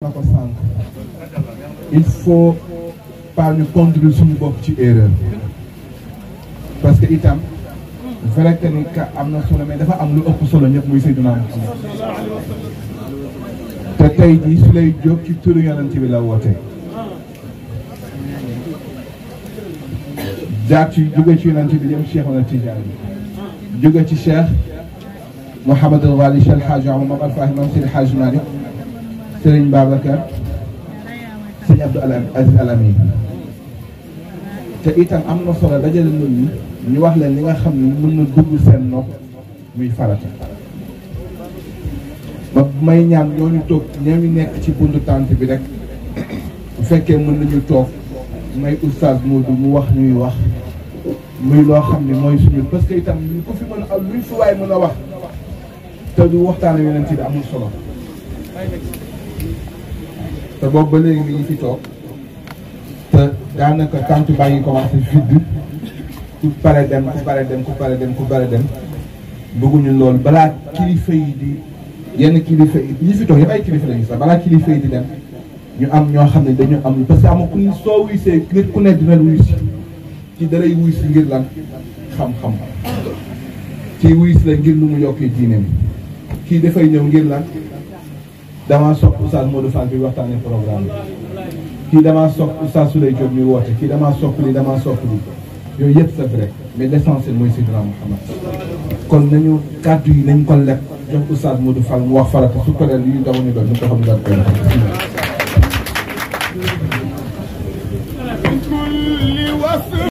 na ko il faut pas ñu contrôler suñu bopp ci erreur parce que itam vrai que ni ka am na solo mais dafa am lu ëpp solo ñëpp muy Seydina Muhammad te tey jii su lay jóg ci turu yonent bi la woote jaar ci jóge ci yonent bi jëm Cheikh na Tidiane jóge ci Cheikh Mouhamadul Wali Cheikh Hadj Omar Al Fahim Seydi Hadj Malick Serigne Babacar Serigne Abdou Aziz Al Amine te itam am na solo dajale nit ñi ñu wax leen li nga xam ne mën na dugg seen nopp muy farata ba may ñaan ñooñu toog ñooñu nekk ci buntu tànt bi rek bu fekkee mën nañu toog may oustaz Modou mu wax ñuy wax muy loo xam ne mooy suñu parce que itam ñu ko fi mën a am luñ fi waay mën a wax te du waxtaan yeneen ci bi amul solo te boobu ba léegi mi ngi fi toog te daanaka tànt baa ngi commencé vide ku pare dem ku pare dem ku pare dem ku pare dem bëgguñu loolu balaa kilifa yi di yenn kilifa yi ñi fi toog yëpp ay kilifa lañu sax balaa kilifa yi di dem ñu am ñoo xam ne dañu am parce que am ku soo wuysee nit ku ne dina wuy si ci dalay wuy si ngir lan xam-xam ci wuy la ngir lu mu yokkee diine mi kii dafay ñëw ngir lan damaa sopp Oustaz Modou Fall bi waxtaanee programme kii damaa sopp Oustaz Souley Diop mi woote kii damaa sopp li damaa sopp li yooyu yëpp c'est vrai mais l'essentiel mooy Seydina Mouhamed kon nañu kàddu yi nañ ko lekk jox Oustaz Modou Fall mu wax farata su paree li daw ñu doon ñu ko xam daal koy